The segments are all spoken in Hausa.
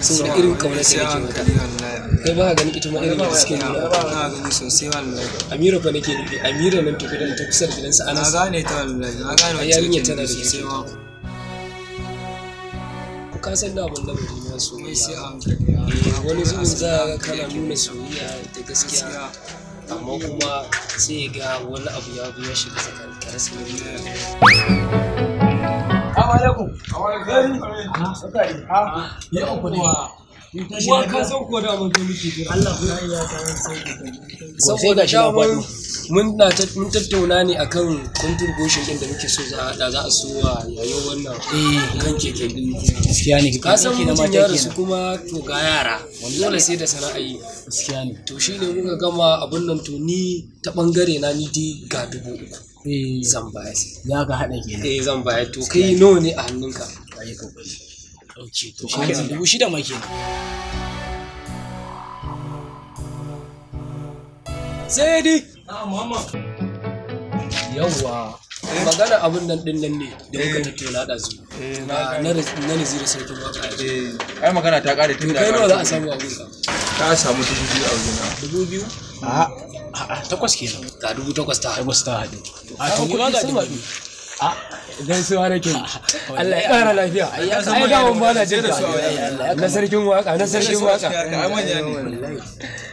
saboda irin kaunar da yake maka kai ba ka gani ita ma irin da suke nuna ba na gani sosai wallahi amira fa nake nufi amira nan tafi da ta kusa gidansa ana na gane ta wallahi na gane wacce tana da sosai ma ku ka san da abin da mutum ya so eh, wani zubin za ka kana nuna soyayya da gaskiya amma kuma sai ga wani abu ya zo ya shiga tsakanin alaikum. gari Ha? Saka Ha? Ya uku ne. wa ka san ko da mun zo muke jira. Allah ya yi ya kawo sai da kai. mun na mun tattauna ne akan contribution din da muke so za a da za a so wa yayin wannan eh. kan keke din. Gaskiya ne ka san mutum ya rasu kuma to ga yara. Dole sai da sana'a yi. Gaskiya ne. To shi ne muka gama abun nan to ni ta bangare na ni dai ga dubu uku. Eh. Zan baya Za ka haɗa kenan. Eh zan baya to kai nawa ne a hannunka? Ayi kokari. ɗauke to shi kenan dubu shida ma kenan sai dai ah, yawwa eh? magana abin nan din nan ne da muka eh. tattauna da eh, su. na nazira sarkin waka ai magana ta kare tun da kai nawa za a samu a ka ka samu dubu biyu a gunka dubu biyu a takwas kenan ga dubu takwas ta haɗu a to kuma ga dubu biyu gaisuwa ah, nake Allah ya ƙara lafiya ai na sarkin waka na sarkin waka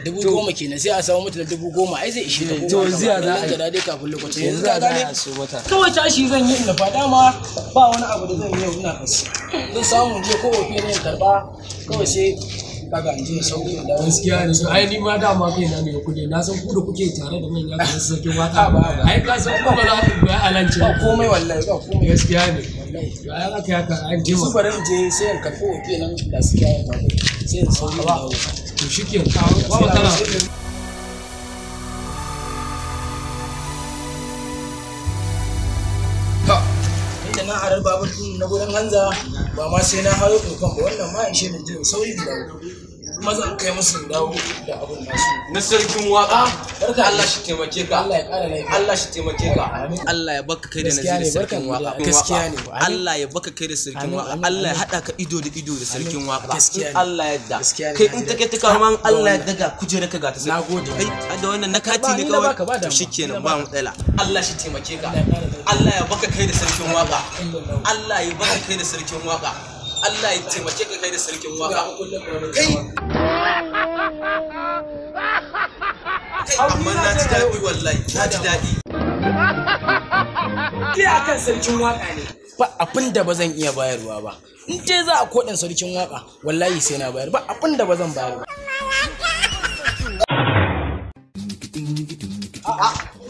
dubu goma sai a samu mutu dubu goma ai zai ishe to za a kafin lokacin yanzu ka gane kawai tashi zan yi na fada ma ba wani abu da zan yi ina zan samu je ko ofe ne karba kawai sai daga in je sauke da gaskiya da su ai ni ma da ma kai na ne kuɗi na san ku da kuke tare da manya da sarki waka ba ai ka san ku ba za ku ga alance ba komai wallahi ba komai gaskiya ne ai haka haka an je ma bari in je sai in karɓo kenan gaskiya ya sai in ba to shikenan ba ba na arar babur din na gurin hanza ba ma sai na hayo dokan ba wannan ma ishe da jin sauri da kuma zan kai musu dawo da abin nasu na sarkin waka Allah shi taimake ka Allah ya shi taimake ka Allah ya baka kai da nazari sarkin waka gaskiya ne Allah ya baka kai da sarkin waka Allah ya hada ka ido da ido da sarkin waka Allah ya da kai in take ta kama Allah ya daga kujera ka ga ta nagode kai da wannan na ne kawai to shikenan ba mu tsala Allah shi taimake ka Allah ya baka kai da sarkin waka Allah ya baka kai da sarkin waka Allah ya taimake ka kai da sarkin waka kai amma na ji daɗi wallahi na ji daɗi Ke a kan sarkin waka ne ba abin da ba zan iya bayarwa ba in ce za a koɗin sarkin waka wallahi sai na bayar ba abin da ba zan bayar ba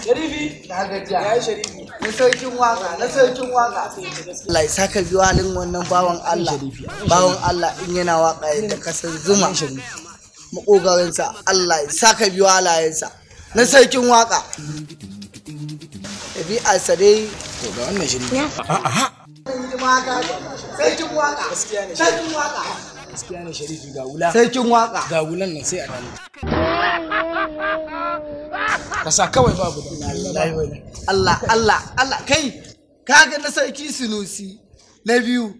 Sharifi na gajiya ya sharifi na sarkin waka na sarkin waka Allah ya saka biyo wannan bawan Allah bawan Allah in yana waka ya ta kasar zuma makogarinsa Allah ya saka biyu halayensa na sarkin waka ɗabi'arsa dai to ga wannan shi ne sarkin waka sarkin waka gaskiya ne sharifi ga wula sarkin waka ga wulan nan sai a ka sa kawai babu da Allah Allah Allah kai kaga na sarki sunusi na biyu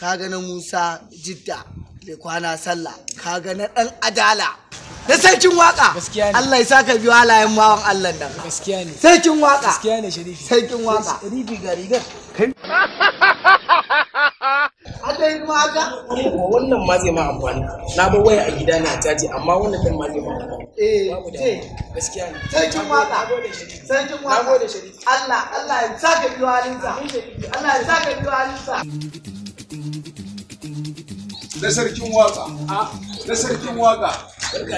kaga na Musa Jidda kwana sallah ka ga na dan adala na sarkin waka Allah ya saka biyo halayen mawan Allah nan gaskiya ne sarkin waka gaskiya ne sharifi sarkin waka sharifi ga rigar kai Ada yin ma haka? Wannan ma zai ma amfani. Na ba waya a gida na caji amma wannan din ma zai ma amfani. Eh, ce. Eh. Gaskiya ne. Sarkin waka. Sarkin waka. Allah, Allah ya saka biyo halinsa. Allah ya saka biyo halinsa. na sarkin waka in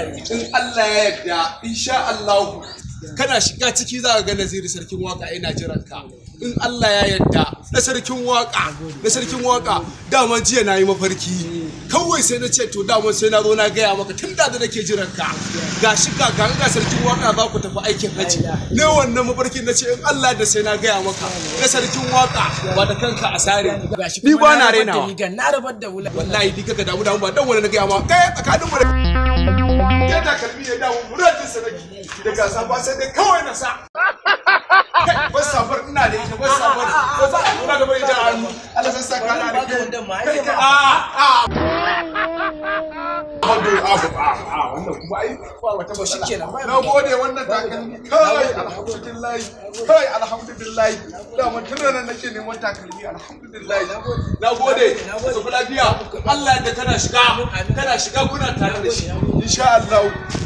Allah ya yarda insha Allah kana shiga ciki za ka ga naziri sarkin waka ina jiran ka in Allah ya yadda na sarkin waka na sarkin waka dama jiya na yi mafarki kawai sai na ce to dama sai na zo na gaya maka tun da da nake jiran ka ga shi ga ga ga sarkin waka za ku tafi aikin haji ne wannan mafarkin na ce in Allah da sai na gaya maka na sarkin waka ba da kanka a sare ni ba na rainawa na rabar da wallahi dika ga damu damu ba dan wani na gaya ma kai eh, tsakanin mu da ya kalmi ya dawo muradin sa nake da gasa ba sai dai kawai na sa ina da ita ba saboda ko sa a tura gaba ita hannu Allah san saka na da wanda ma ake a a Abdu a a wannan kuma ai ba wata ba shi kenan na gode wannan takalmi kai alhamdulillah kai alhamdulillah da mun tunda nan nake neman takalmi alhamdulillah na gode su lafiya Allah da tana shiga tana shiga kuna tare da shi insha Allah